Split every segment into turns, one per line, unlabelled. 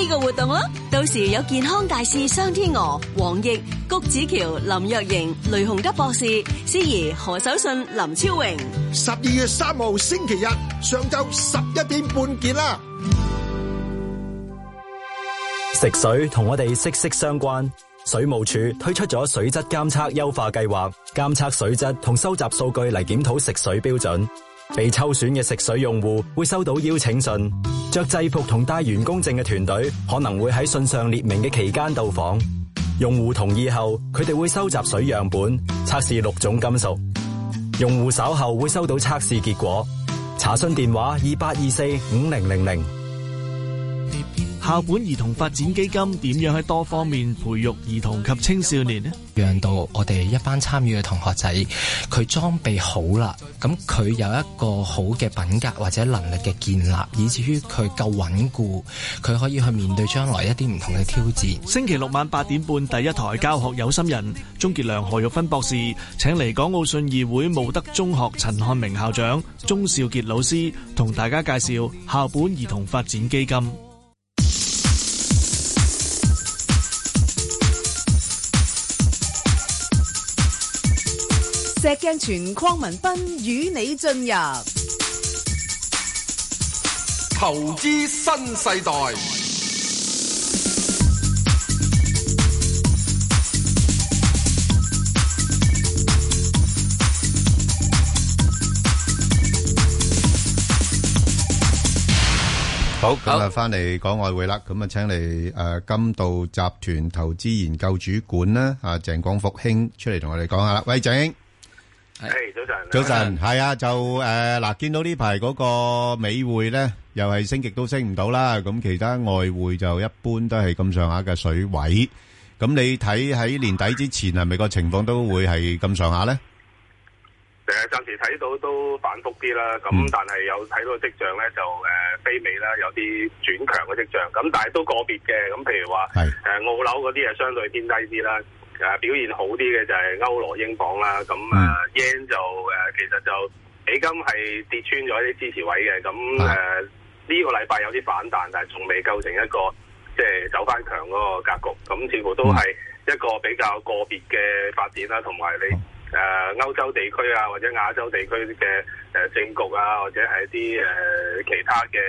呢個活動啦，到時有健康大使商天娥、黃奕、谷子喬、林若瑩、雷洪德博士、司儀何守信、林超榮。十二月三號
星期日上晝十一點半見啦。
食水同我哋息息相關，水務署推出咗水質監測優化計劃，監測水質同收集數據嚟檢討食水標準。被抽選嘅食水用戶會收到邀請信，着制服同帶員工證嘅團隊可能會喺信上列明嘅期間到訪。用戶同意後，佢哋會收集水樣本，測試六種金屬。用戶稍後會收到測試結果。查詢電話：二八二四五零零零。校本兒童發展基金點樣喺多方面培育兒童及青少年
呢？讓到我哋一班參與嘅同學仔，佢裝備好啦。咁佢有一個好嘅品格或者能力嘅建立，以至於佢夠穩固，佢可以去面對將來一啲唔同嘅挑戰。
星期六晚八點半，第一台教學有心人，鍾杰良、何玉芬博士請嚟港澳信義會慕德中學陳漢明校長、鍾兆傑老師同大家介紹校本兒童發展基金。
石鏡泉鄺文斌與你進入
投資新世代。
好咁啊，翻嚟講外匯啦。咁啊，請嚟誒金道集團投資研究主管啦、啊，阿鄭廣復兄出嚟同我哋講下啦，喂，鄭。
誒，hey, 早晨，早
晨，係啊，啊，就誒嗱，呃、見到呢排嗰個美匯咧，又係升極都升唔到啦，咁其他外匯就一般都係咁上下嘅水位，咁你睇喺年底之前係咪個情況都會係咁上下咧？
誒、呃，暫時睇到都反復啲啦，咁但係有睇到跡象咧，就誒非美啦，有啲轉強嘅跡象，咁但係都個別嘅，咁譬如話，係誒是、呃，澳紐嗰啲係相對偏低啲啦。誒、呃、表現好啲嘅就係歐羅英鎊啦，咁、啊、yen、mm. 就誒、呃、其實就美金係跌穿咗啲支持位嘅，咁誒呢個禮拜有啲反彈，但係仲未構成一個即係、呃、走翻強嗰個格局，咁、啊、似乎都係一個比較個別嘅發展啦，同、啊、埋你誒、呃、歐洲地區啊，或者亞洲地區嘅誒、呃、政局啊，或者係一啲誒、呃、其他嘅，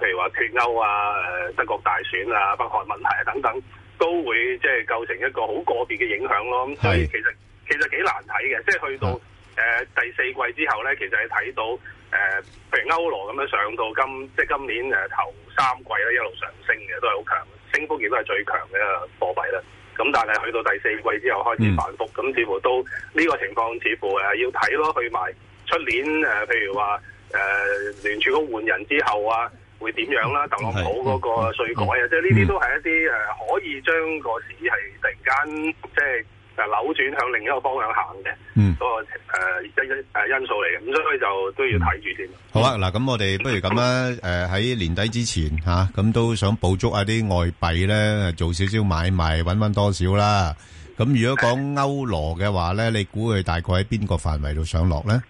譬如話脫歐啊、誒、呃、德國大選啊、北韓問題啊等等。都會即係構成一個好個別嘅影響咯，咁 所以其實其實幾難睇嘅，即係去到誒、呃、第四季之後咧，其實係睇到誒、呃，譬如歐羅咁樣上到今即係今年誒、呃、頭三季咧一路上升嘅，都係好強，升幅亦都係最強嘅一個貨幣啦。咁但係去到第四季之後開始反覆，咁、嗯嗯嗯這個、似乎都呢個情況似乎誒要睇咯，去埋出年誒、呃、譬如話誒聯儲局換人之後啊。會點樣啦？特朗普嗰個稅改啊，即係呢啲都係一啲誒，可以將個市係突然間即係扭轉向另一個方向行嘅，嗰個誒一一誒因素嚟嘅。咁所以就都要睇住先。好
啊，嗱，咁我哋不如咁啦，誒喺年底之前吓，咁都想補足一啲外幣咧，做少少買賣，搵翻多少啦。咁如果講歐羅嘅話咧，你估佢大概喺邊個範圍度上落咧？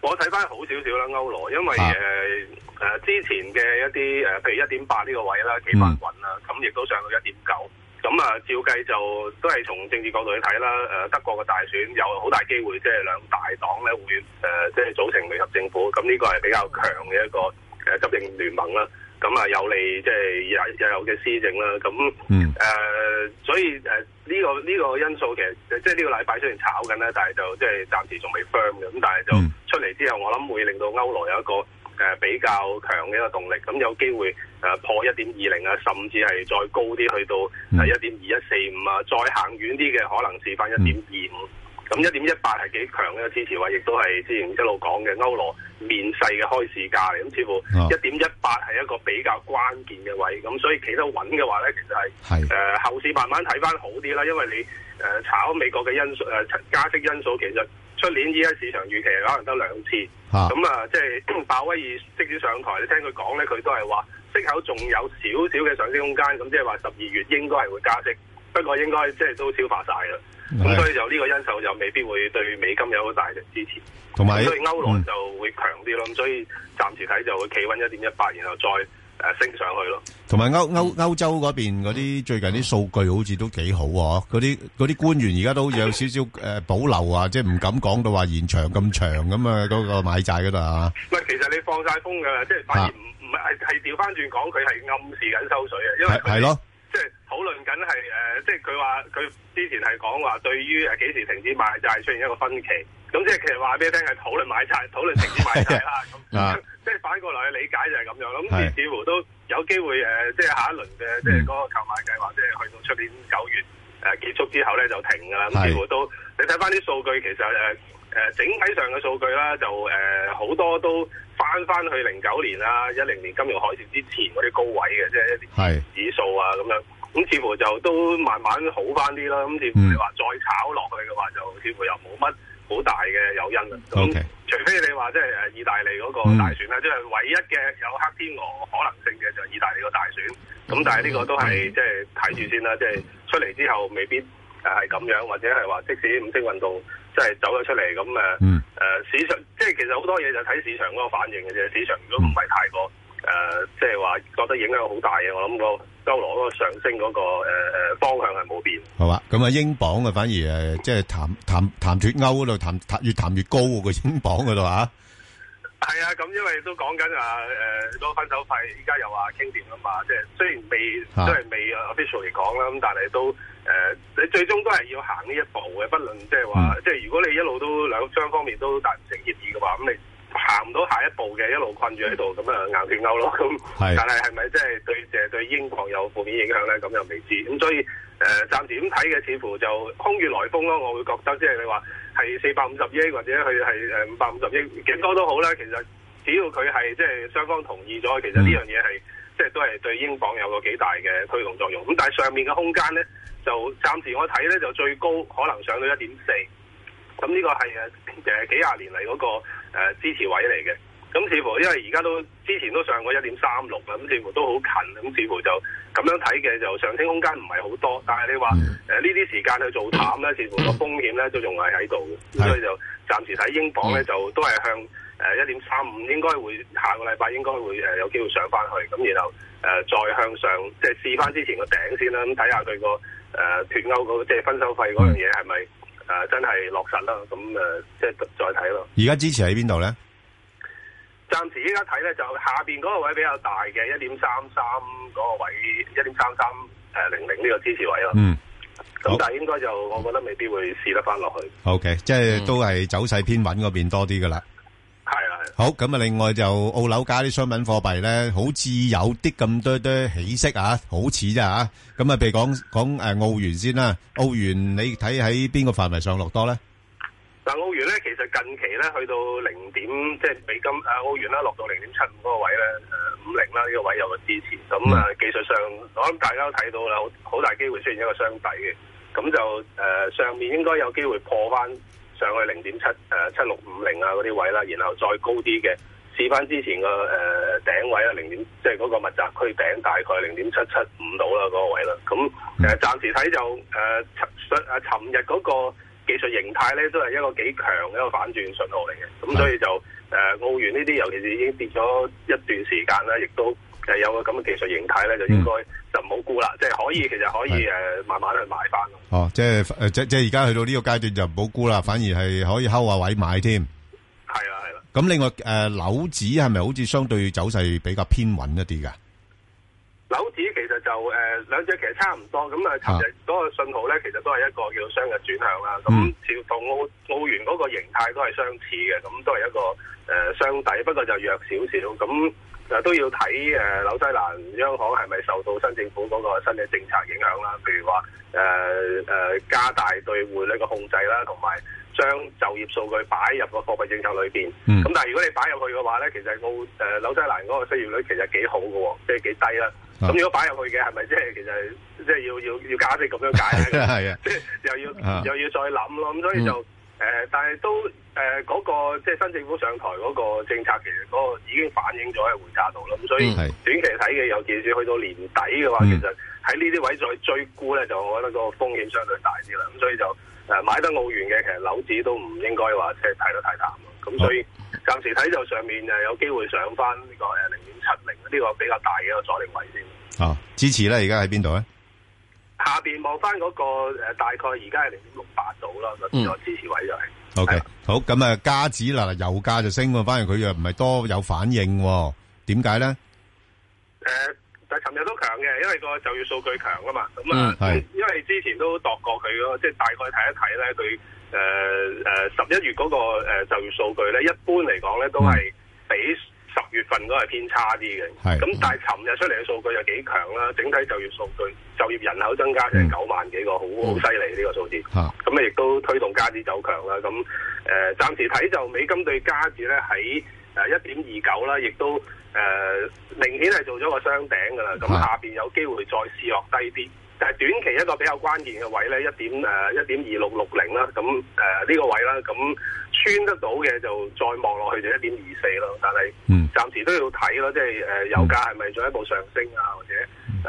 我睇翻好少少啦，歐羅，因為誒。誒、啊、之前嘅一啲誒、啊，譬如一點八呢個位啦，企翻滾啦，咁亦、mm. 啊、都上到一點九。咁啊，照計就都係從政治角度去睇啦。誒、啊，德國嘅大選有好大機會，即、就、係、是、兩大黨咧會誒，即、啊、係、就是、組成聯合政府。咁呢個係比較強嘅一個誒、啊、執政聯盟啦。咁啊，有利即係、就是、有有嘅施政啦。咁、啊、誒、mm. 啊，所以誒呢、啊這個呢、這個因素其實即係呢個禮拜雖然炒緊咧，但係就即係、就是、暫時仲未 firm 嘅。咁但係就、mm. 出嚟之後，我諗會令到歐羅有一個。誒、呃、比較強嘅一個動力，咁、嗯、有機會誒、呃、破一點二零啊，甚至係再高啲去到誒一點二一四五啊，再行遠啲嘅可能試翻一點二五。咁一點一八係幾強嘅支持位，亦都係之前一路講嘅歐羅面世嘅開市價嚟，咁似乎一點一八係一個比較關鍵嘅位，咁所以企得穩嘅話咧，其實係誒是、呃、後市慢慢睇翻好啲啦，因為你誒炒、呃、美國嘅因素誒、呃、加息因素其實。出年依家市場預期可能得兩次，咁啊，即係鮑威爾即時上台，你聽佢講咧，佢都係話息口仲有少少嘅上升空間，咁即係話十二月應該係會加息，不過應該即係都消化晒啦。咁的所以就呢個因素就未必會對美金有好大嘅支持，有所以歐羅就會強啲咯。咁、嗯、所以暫時睇就會企穩一點一八，然後再。
誒升、啊、上去咯，同埋歐歐歐洲嗰邊嗰啲最近啲數據好似都幾好喎、啊，嗰啲啲官員而家都有少少誒保留啊，即係唔敢講到話延長咁長咁啊嗰個買債嗰度啊。唔
係，其實你放晒風㗎，即係反而唔唔係係調翻轉講佢係暗示緊收水啊，因為係咯。討論緊係誒，即係佢話佢之前係講話，對於誒幾時停止買債，就出現一個分歧。咁、嗯、即係其實話俾你聽，係討論買債、討論停止買債啦。咁即係反過來嘅理解就係咁樣。咁、嗯、是似乎都有機會誒，即係下一輪嘅即係嗰個購買計劃，即係去到出年九月誒、呃、結束之後咧就停噶啦。咁、嗯、似乎都你睇翻啲數據，其實誒誒、呃、整體上嘅數據啦，就誒好多都翻翻去零九年啦、一、啊、零年金融海嘯之前嗰啲高位嘅，即係一啲指數啊咁樣。咁似乎就都慢慢好翻啲啦，咁似乎你話再炒落去嘅話，就似乎又冇乜好大嘅誘因啦。Okay. 除非你話即係意大利嗰個大選啦，即係、mm. 唯一嘅有黑天鵝可能性嘅就係意大利個大選。咁、mm. 但係呢個都係即係睇住先啦，即係出嚟之後未必誒係咁樣，或者係話即使五星運動即係走咗出嚟咁誒誒市場，即係其實好多嘢就睇市場嗰個反應嘅啫，市場如果唔係太過。Mm. 誒，即係話覺得影響好大嘅，我諗個歐羅嗰個上升嗰、那個誒誒、呃、
方向係冇變，係嘛？咁、就是、啊，英鎊啊反而誒，即係談談談脫歐嗰度談越談越高個英鎊嗰度啊？
係啊，咁因為都講緊啊誒，攞、呃、分手費，依家又話傾掂啦嘛，即係雖然未即係未 official 嚟講啦，咁但係都誒，你、呃、最終都係要行呢一步嘅，不論即係話，即係、嗯、如果你一路都兩雙方面都達唔成協議嘅話，咁你。行唔到下一步嘅，一路困住喺度，咁啊，硬斷鈎咯。咁，但係係咪真係對成對英鎊有負面影響咧？咁又未知。咁所以誒、呃，暫時咁睇嘅，似乎就空穴來風咯。我會覺得，即係你話係四百五十億，或者佢係誒五百五十億，幾多都好啦。其實只要佢係即係雙方同意咗，其實呢樣嘢係即係都係對英鎊有個幾大嘅推動作用。咁但係上面嘅空間咧，就暫時我睇咧就最高可能上到一點四。咁呢個係誒幾廿年嚟嗰、那個。誒、呃、支持位嚟嘅，咁、嗯、似乎因為而家都之前都上過一點三六啊，咁似乎都好近，咁、嗯、似乎就咁樣睇嘅就上升空間唔係好多，但係你話誒呢啲時間去做淡咧，似乎個風險咧都仲係喺度嘅，所以是的 就暫時睇英鎊咧是的 就都係向誒一點三五，應該會下個禮拜應該會誒有機會上翻去，咁、嗯、然後誒、呃、再向上即係、就是、試翻之前個頂先啦，咁睇下佢個誒脱歐嗰即係分手費嗰樣嘢係咪？是真係落實咯，咁誒、呃，即係
再睇咯。而家支持喺邊度咧？
暫時依家睇咧，就下邊嗰個位比較大嘅，一點三三嗰個位，一點三三誒零零呢個支持位咯。
嗯，
咁但係應該就好我覺得未必會試得返落
去。O、okay, K，即係都係走勢偏穩嗰邊多啲噶啦。嗯係啦，係好咁啊！另外就澳樓加啲商品貨幣咧，好似有啲咁多多起色啊，好似啫啊！咁啊，譬如講講誒澳元先啦，澳元你睇喺邊個範圍上落多咧？嗱，澳元咧，其實近期咧去到零點，即係美金誒、呃，
澳元啦，落到零點七五嗰個位咧，誒、呃、五零啦呢、呢個位有個支持。咁啊，嗯、技術上我諗大家都睇到啦，好大機會出現一個雙底嘅。咁就誒、呃、上面應該有機會破翻，上去零點七誒七六五零啊嗰啲位啦，然後再高啲嘅試翻之前個誒頂位啊零點，即係嗰個密集區頂大概零點七七五度啦嗰個位啦。咁誒暫時睇就誒尋誒尋日嗰個技術形態咧，都係一個幾強嘅一個反轉信號嚟嘅。咁的所以就誒、呃、澳元呢啲，尤其是已經跌咗一段時間啦，亦都。就有個咁嘅技術形態咧，就應該就唔好沽啦，嗯、即係
可以，其實可以誒是慢慢去買翻咯。哦，即係即即係而家去到呢個階段就唔好沽啦，反而係可以慳下位買添。係啦，係啦。咁另外誒，樓紙係咪好似相對走勢比較偏穩一啲噶？
樓紙其實就誒兩隻其實差唔多，咁、嗯、啊其實嗰個信號咧，其實都係一個叫雙日轉向啦。咁同、嗯、澳澳元嗰個形態都係相似嘅，咁都係一個誒雙、呃、底，不過就弱少少咁。啊都要睇誒紐西蘭央行係咪受到新政府嗰個新嘅政策影響啦？譬如話誒誒加大對匯率嘅控制啦，同埋將就業數據擺入個貨幣政策裏邊。咁、嗯、但係如果你擺入去嘅話咧，其實澳誒紐西蘭嗰個失業率其實幾好㗎喎，即係幾低啦。咁、啊、如果擺入去嘅係咪即係其實即係要要要加息咁樣解 要啊？啊，即係又要又要再諗咯。咁所以就。誒，但係都誒，嗰，呃那個即係新政府上台嗰個政策，其實嗰個已經反映咗喺匯價度啦。咁所以短期睇嘅，尤其是去到年底嘅話，嗯其呃，其實喺呢啲位再追沽咧，就我覺得個風險相對大啲啦。咁所以就誒買得澳元嘅，其實樓市都唔應該話即係睇得太淡。咁所以暫時睇就上面誒有機會上翻呢個誒零點七零呢個比較大嘅一個阻力位先。
啊，支持咧，而家喺邊度咧？
下邊望翻嗰個、呃、大概而家係零點六八度啦，個、嗯、支持位就係、是。
O Okay . K，吧好咁啊，加指嗱，油價就升喎，反而佢又唔係多有反應喎、哦，點解咧？誒、
呃，但係尋日都強嘅，因為個就業數據強啊嘛，咁、嗯、啊、嗯嗯，因為之前都度過佢咯，即、就、係、是、大概睇一睇咧，佢誒誒十一月嗰個就業數據咧，一般嚟講咧都係比。嗯十月份都係偏差啲嘅，咁的但係尋日出嚟嘅數據又幾強啦，整體就業數據，就業人口增加成九萬幾個，好好犀利呢個數字。咁啊、嗯，亦都推動加指走強啦。咁誒、呃，暫時睇就美金對加指咧喺誒一點二九啦，亦都誒、呃、明顯係做咗個雙頂㗎啦。咁下邊有機會再試落低啲，嗯、但係短期一個比較關鍵嘅位咧，一點誒一點二六六零啦，咁誒呢個位啦，咁、嗯。穿得到嘅就再望落去就一點二四咯，但係暫時都要睇咯，即係誒、呃、油價係咪進一步上升啊，或者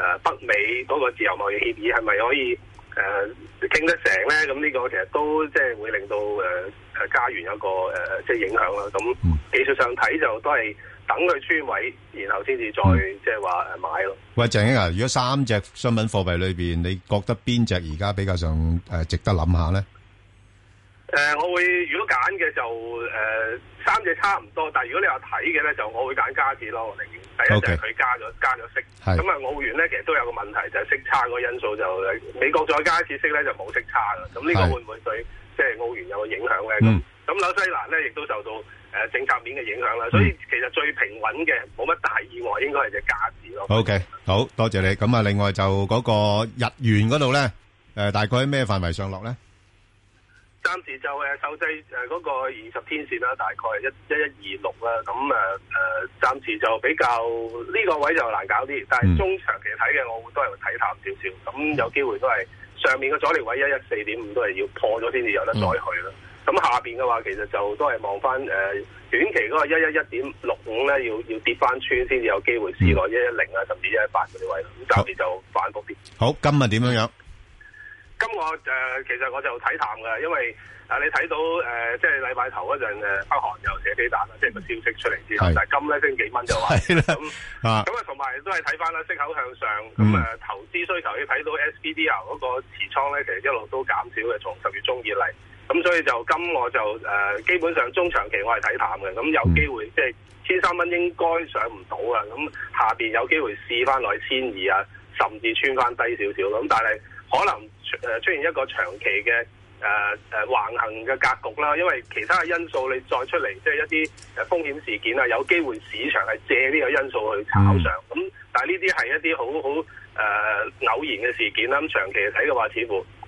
誒、呃、北美嗰個自由貿易協議係咪可以誒傾、呃、得成咧？咁、這、呢個其實都即係會令到誒誒加元有個個、呃、即係影響啦。咁技術上睇就都係等佢穿位，然後先至再即係話誒買咯。
喂，鄭英啊，如果三隻商品貨幣裏邊，你覺得邊隻而家比較上誒、呃、值得諗下咧？
誒，我會如果揀嘅就誒三隻差唔多，但係如果你話睇嘅咧，就我會揀加字咯，寧願第一隻佢加咗加咗息。係。咁啊，澳元咧其實都有個問題，就係息差嗰個因素就美國再加一次息咧就冇息差㗎。咁呢個會唔會對即係澳元有個影響咧？咁咁紐西蘭咧亦都受到誒政策面嘅影響啦。所以其實最平穩嘅冇乜大意外，應該係只加字咯。O K，
好多謝你。咁啊，另外就嗰個日元嗰度咧，誒大概喺咩範圍上落咧？
暫時就誒受制誒嗰個二十天線啦，大概一一一二六啦，咁誒誒暫時就比較呢、這個位就難搞啲，但係中長期睇嘅我會都係會睇淡少少，咁有機會都係上面嘅阻力位一一四點五都係要破咗先至有得再去啦。咁、嗯、下邊嘅話其實就都係望翻誒短期嗰個一一一點六五咧，要要跌翻穿先至有機會試過一一零啊，嗯、甚至一一八嗰啲位，咁暫時就反覆啲。
好，今日點樣樣？
咁我誒、呃、其實我就睇淡嘅，因為啊、呃、你睇到誒、呃、即係禮拜頭嗰陣、啊、北韓又射飛彈啦，即係個消息出嚟之後，沒錯 但係金咧升幾蚊就話咁啊，咁同埋都係睇翻啦，息口向上咁誒、嗯嗯啊、投資需求你睇到 S P D R 嗰個持倉咧，嗯嗯、night, 其實一路都減少嘅，從十月中以嚟，咁所以就金我就誒基本上中長期我係睇淡嘅，咁有機會即係千三蚊應該上唔到嘅，咁、嗯、下邊有機會試翻落去千二啊，甚至穿翻低少少咁，但係可能。誒出現一個長期嘅誒誒橫行嘅格局啦，因為其他嘅因素你再出嚟，即係一啲誒風險事件啊，有機會市場係借呢個因素去炒上。咁、嗯、但係呢啲係一啲好好誒偶然嘅事件啦。咁長期嚟睇嘅話，似乎。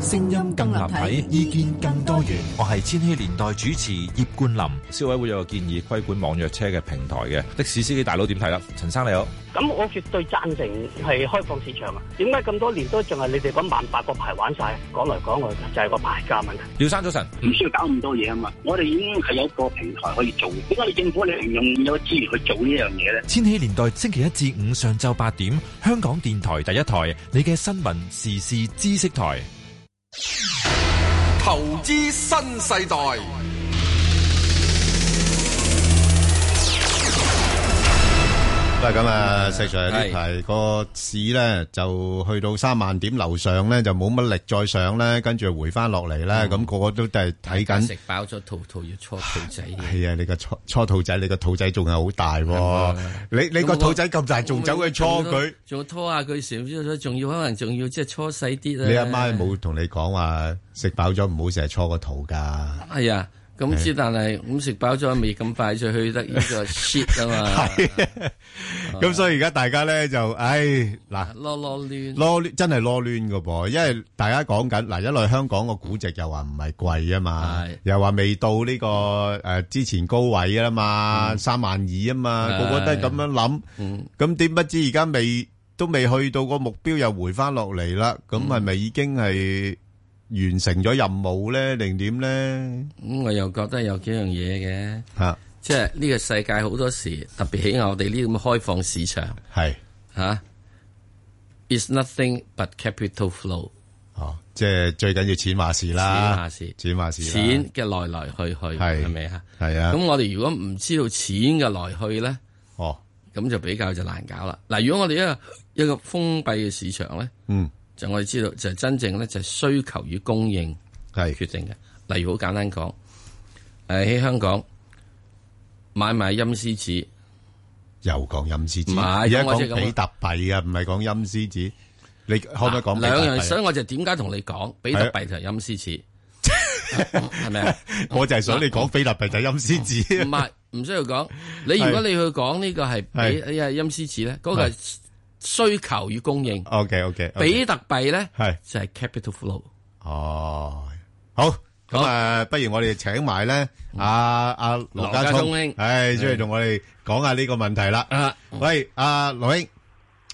聲音更立體，
意見更多元。
我係千禧年代主持葉冠霖。 消委會有個建議規管網約車嘅平台嘅，的士司機大佬點睇啦？陳生你好，咁我絕對讚成係開放市場啊。點解咁多年都仲係你哋嗰萬八個牌玩晒？講來講去就係個牌價問題。廖生早晨，唔需要搞咁多嘢啊嘛。我哋已經係有一個平台可以做，點解你政府你唔用有資源去做呢樣嘢咧？千禧年代星期一至五上晝八點，香港電台第一台，你嘅新聞時事知識台。投資新世代。
咁啊，事實上呢排個市咧就去到三萬點樓上咧，就冇乜力再上咧，跟住回翻落嚟咧，咁個個都係睇緊。食
飽咗肚肚要搓肚仔。係
啊，你個搓搓肚仔，你個肚仔仲係好大喎，啊！你你個肚仔咁大，仲我走去搓佢？
仲拖下佢，少少，仲要可能仲要即係搓細啲啊！你阿媽
冇同你講話食飽咗唔好成日搓個肚㗎。係啊。
咁知，但係咁食飽咗，未咁快就去得呢個 shit 啊嘛！係，咁所
以而家大家咧就，唉，嗱，囉囉攣，
囉攣
真係囉攣噶噃，因為大家講緊嗱，一來香港個估值又話唔係貴啊嘛，又話未到呢個誒之前高位啊嘛，三萬二啊嘛，個個都係咁樣諗，咁點不知而家未都未去到個目標，又回翻落嚟啦，咁係咪已經係？
完成咗任務咧，定點咧？咁、嗯、我又覺得有幾樣嘢嘅，吓、啊，即係呢個世界好多時，特別起我哋呢咁嘅開放市場，係吓是。啊、It's nothing but capital flow。哦，即係最
緊要錢馬事啦，錢話事，錢話事，錢嘅
來來去去係係咪啊？係啊。咁我哋如果唔知道錢嘅來去咧，哦，咁就比較就難搞啦。嗱，如果我哋一個一個封閉嘅市場咧，嗯。就我哋知道，就真正咧就係需求與供應係決定嘅。例如好簡單講，誒喺香港買埋陰司紙，又講陰司紙，而家講比特
幣啊，唔係講陰司紙。你可唔可以講兩樣？所以
我就點解同你講比特幣就係陰司紙，係咪啊？我就係想你講比特幣就係陰司紙。唔係，唔需要講。你如果你去講呢個係比哎呀陰司紙咧，嗰個係需求與供應，OK OK，比特幣咧係就係 capital
flow。哦，好，咁啊，不如我哋請埋咧，阿阿羅家聰兄，唉，即係同我哋講下呢個問題啦。啊，喂，阿羅兄，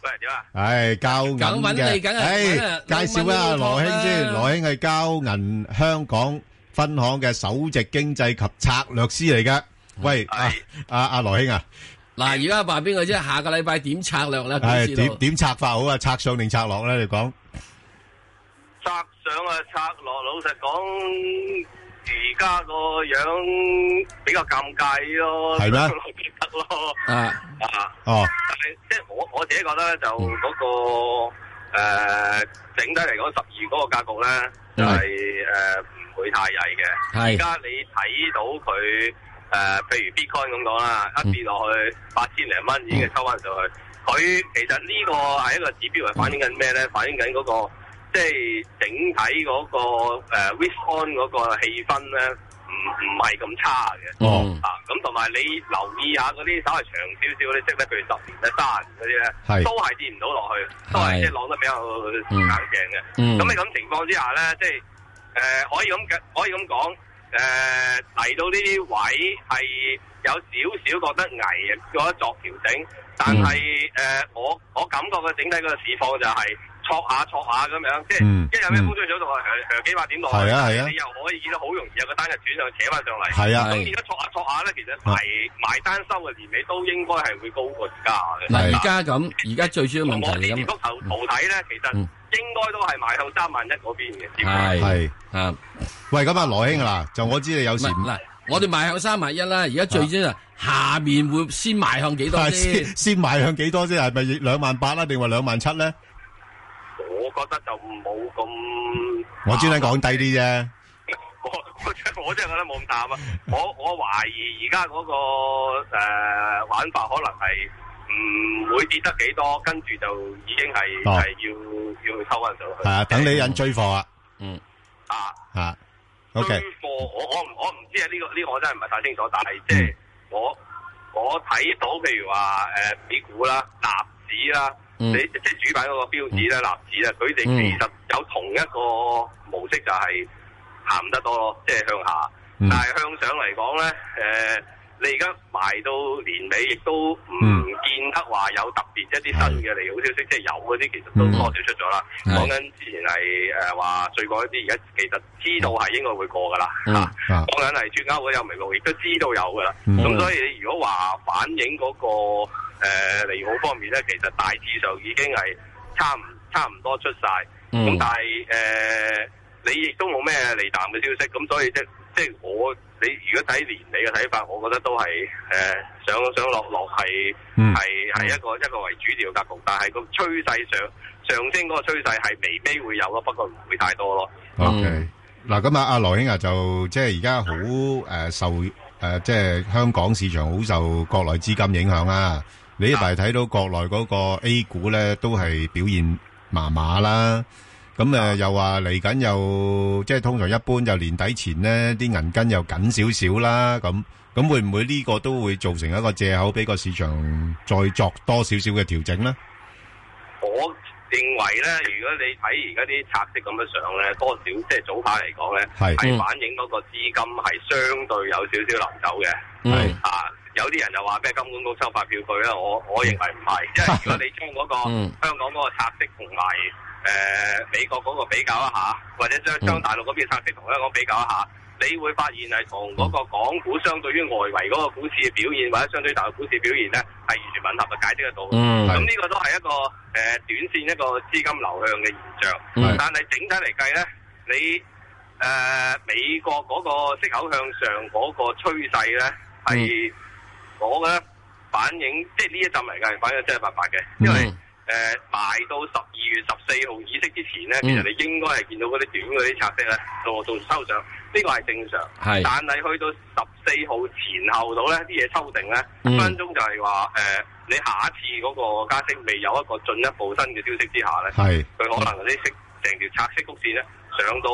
喂，點啊？唉，交銀嘅，唉，介紹一下羅兄先。羅兄係交銀香港分行嘅首席經濟及策略師嚟㗎。喂，阿阿阿羅兄啊！
嗱，而家話邊個啫？下個禮拜點策略咧？點
點策法好啊？策上定策落咧？你講策
上啊？策落？老實講，而家個樣比較尷尬咯，策嗎落先得咯。啊啊，啊哦！但係即係我我自己覺得就嗰、那個誒、嗯呃，整體嚟講十二嗰個格局咧，係誒唔會太曳嘅。而家是你睇到佢。誒，譬如 Bitcoin 咁講啦，一跌落去八千零蚊已經係收翻上去。佢其實呢個係一個指標嚟，反映緊咩咧？反映緊嗰個即係整體嗰個 Bitcoin 嗰個氣氛咧，唔唔係咁差嘅。嗯。啊，咁同埋你留意下嗰啲稍為長少少嗰啲，即係譬如十年、三十年嗰啲咧，係都係跌唔到落去，都係即係攞得比較硬淨嘅。咁喺咁情況之下咧，即係誒可以咁嘅，可以咁講。誒嚟、呃、到呢啲位係有少少覺得危，覺得作調整，但係誒、嗯呃、我我感覺嘅整體個市況就係、是。挫下挫下咁樣，即係即係有咩風吹草動啊，誒誒幾百點落去，你又可以見到好容易有個單日轉上扯翻上嚟。係啊，咁而家挫下挫下咧，其實賣埋單收嘅年尾都應該係會高過而
家嘅。而家咁，而家最主要問題係乜嘢？我呢碟幅頭頭睇咧，其實
應該都係賣向三萬一嗰邊
嘅。係係啊，喂，咁啊羅兄啦，就我知道你有事啦。我哋賣向三萬一啦，而家最主要下面會先賣向幾多先？
先賣向幾多先？係咪兩萬八啦，定話兩萬七咧？我覺
得就唔冇咁，
我專登講低啲啫。
我我真我真係覺得冇咁淡啊！我我懷疑而家嗰個誒玩法可能係唔會跌得幾多，跟住就已經係，係要要去收翻上去。啊，
等你引追貨啊！嗯
啊啊，追
貨我我我唔知啊，呢個呢個我真係唔係太清楚，但係即係我我睇到，譬如話誒美股啦、納指啦。你即係主板嗰個標指咧、立指咧，佢哋其實有同一個模式，就係行得多咯，即係向下。但係向上嚟講咧，誒，你而家埋到年尾，亦都唔見得話有特別一啲新嘅利好消息，即係有嗰啲其實都多少出咗啦。講緊之前係誒話最過一啲，而家其實知道係應該會過噶啦
嚇。講
緊係轉交嗰啲有眉目，亦都知道有噶啦。咁所以如果話反映嗰個，誒、呃、利好方面咧，其實大致上已經係差唔差唔多出晒。咁、嗯、但係誒、呃、你亦都冇咩利淡嘅消息，咁所以即即我你如果睇年尾嘅睇法，我覺得都係誒上上落落係係係一個一個為主調格局，但係個趨勢上上升嗰個趨勢係微微會有咯，不過唔會太多咯。
OK，
嗱，咁啊，阿、啊、羅英啊，就即係而家好誒受誒、呃、即係香港市場好受國內資金影響啦、啊。呢排睇到國內嗰個 A 股咧，都係表現麻麻啦。咁誒又話嚟緊又即係通常一般又年底前咧，啲銀根又緊少少啦。咁咁會唔會呢個都會造成一個藉口俾個市場再作多少少嘅調整咧？
我認為咧，如果你睇而家啲拆息咁樣上咧，多少即係早排嚟講咧，係反映嗰個資金係相對有少少流走嘅。嗯啊。有啲人就話咩金管局收發票據啦，我我認為唔係，因為如果你將嗰個香港嗰個拆息同埋誒美國嗰個比較一下，或者將將大陸嗰邊嘅拆息同香港比較一下，嗯、你會發現係同嗰個港股相對於外圍嗰個股市嘅表現，或者相對大陸股市表現咧，係完全吻合嘅，解釋得到，咁呢、嗯、個都係一個誒、呃、短線一個資金流向嘅現象，嗯、但係整體嚟計咧，你誒、呃、美國嗰個息口向上嗰個趨勢咧係。我嘅反映即係呢一陣嚟嘅反映真係白白嘅，
因
為誒賣、嗯呃、到十二月十四號議息之前咧，嗯、其實你應該係見到嗰啲短嗰啲拆息咧，落做抽上，呢、這個係正常。係是，但係去到十四號前後到咧，啲嘢抽定咧，分分鐘就係話誒，你下一次嗰個加息未有一個進一步新嘅消息之下咧，
係是，佢、嗯、可能
啲息成條拆息曲線咧上到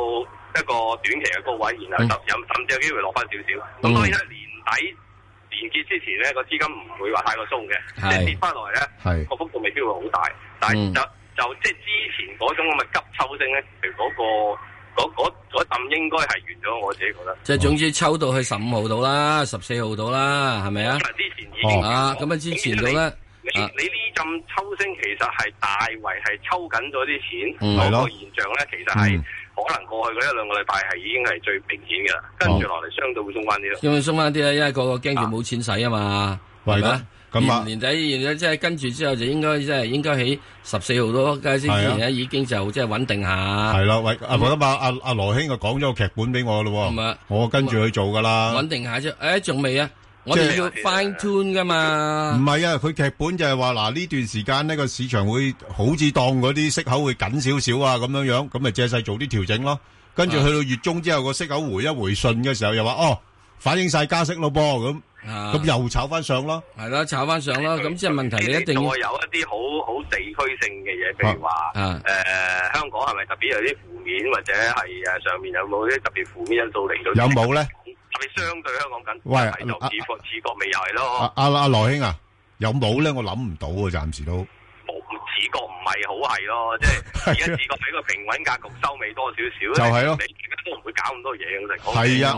一個短期嘅高位，然後有、嗯、甚至有機會落翻少少。咁當然咧，年底、嗯。嗯嗯連結之前咧，個資金唔會話太過鬆嘅，即係是跌翻落嚟咧，個是幅度未必會好大。嗯、但係就就即係之前嗰種咁嘅急抽升咧，譬如嗰嗰嗰陣應該係完咗，我自己覺得。即係、嗯、總
之抽到去十五號到啦，十四號到啦，係咪啊？之前已經、哦、啊，咁啊，之前到咧，你你
呢陣抽升其實係大圍係抽緊咗啲錢，嗯、個現象咧其實係、嗯。嗯
可能過去嗰一兩個禮拜係已經係最明顯嘅啦，跟住落嚟相對會鬆翻啲咯。因為鬆翻啲咧，因為個個驚住冇錢使啊嘛，係啦，咁啊，年底，而家即係跟住之後就應該即係應該喺十四號多加息之前咧已經就即係穩定下。係
啦，喂，阿阿阿羅兄就講咗個劇本俾我咯，我跟住去做噶啦。穩
定下啫，誒，仲未啊？我哋要 fine tune 噶嘛？唔
係啊，佢劇本就係話嗱，呢段時間呢個市場會好似當嗰啲息口會緊少少啊，咁樣樣，咁咪借勢做啲調整咯。跟住去到月中之後，個息口回一回順嘅時候，又話哦，反映曬加息咯噃，咁咁又炒翻上咯。
係啦，炒翻上咯。咁即係問題，你一定會有一啲好好地區性嘅嘢，譬如話啊誒，香港係咪特別有啲負面，
或者係誒上面有冇啲特別負面因素嚟到？有冇咧？你相對香港緊，喂，阿阿羅兄
啊，有冇咧？我諗唔到啊，暫時都冇。自覺
唔係好係咯，即係而家自角喺個平穩格局收尾多少少，就係咯。你而家都唔會搞咁多嘢，咁就講係啊，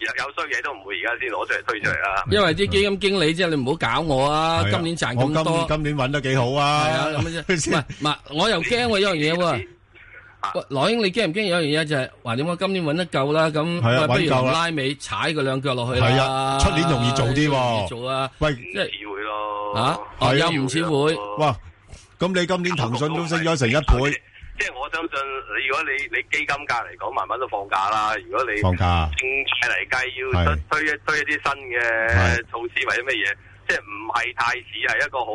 有有衰嘢都唔會而家先攞出嚟，推出嚟啊。因為啲
基金經理即係你唔好搞我啊，今年賺咁多，今年揾得幾好啊。唔係唔係，我又驚過一樣嘢啊？羅英，你驚唔驚？有一樣嘢就係，話點解今年搵得夠啦？咁不如拉尾踩佢兩腳落去啦。係啊，出年容易做啲。啊、容易做啊，喂，即係唔似會咯。啊，係、哦、啊，唔似的會。會了
哇，咁你今年騰訊都升咗成一倍。
即係我相信，你。你如果你你基金價嚟講，慢慢都放假啦。如果你放假，政府嚟計要推一推一啲新嘅措施，或者乜嘢，即係唔係太似，係一個好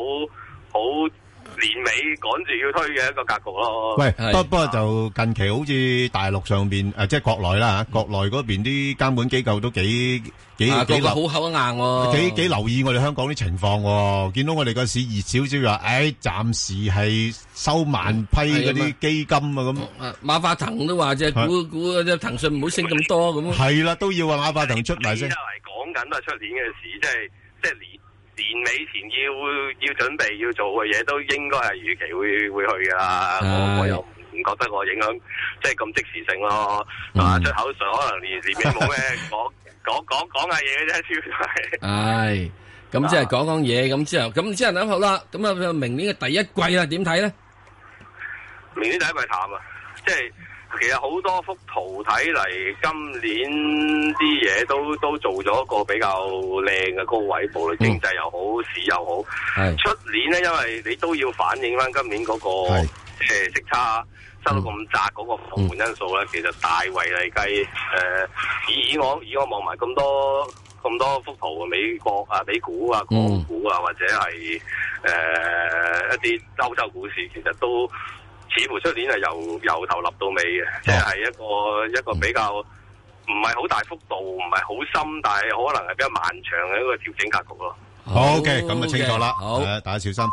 好。年尾趕住要推嘅一個格局咯。喂，不不
過就近期好似大陸上邊誒，即係國內啦嚇，國內嗰邊啲監管機構都幾幾幾，個好口
硬喎。幾幾留
意我哋香港啲情況，見到我哋個市熱少少，又話誒，暫時係收萬批嗰啲基金啊咁。啊，
馬化騰都話啫，估估嗰啲騰訊唔好升咁多咁。係啦，都要啊，馬化騰出埋聲。講緊
都係出年嘅事，即係即係年。年尾前要要準備要做嘅嘢都應該係預期會會去㗎啦，
我、哎、我又
唔覺得我影響即係咁即時性咯，嗯、啊出口上可能年年尾冇咩講講講下嘢啫，主
要係。係， 咁、哎、 即係講講嘢。咁之後咁之後諗好啦，咁啊明年嘅第一季啊點睇咧？呢
明年第一季淡啊，即係。其實好多幅圖睇嚟，今年啲嘢，都都做咗一個比較靚嘅高位，無論經濟又好，市又好。出、嗯、年咧，因為你都要反映翻,今年嗰、那個即係息、嗯、差收到咁窄嗰個唔同因素咧，嗯、其實大位嚟計，誒、呃、以我以我望埋咁多咁多幅圖，美國啊美股啊港股啊或者係誒、呃、一啲歐洲股市，其實都。似乎出年係由由頭立到尾嘅，oh. 即係一個一個比較唔係好大幅度，唔係好深，但係可能係比較漫長嘅一個調整格局咯。
好，OK，咁就清楚啦，好，大家小心。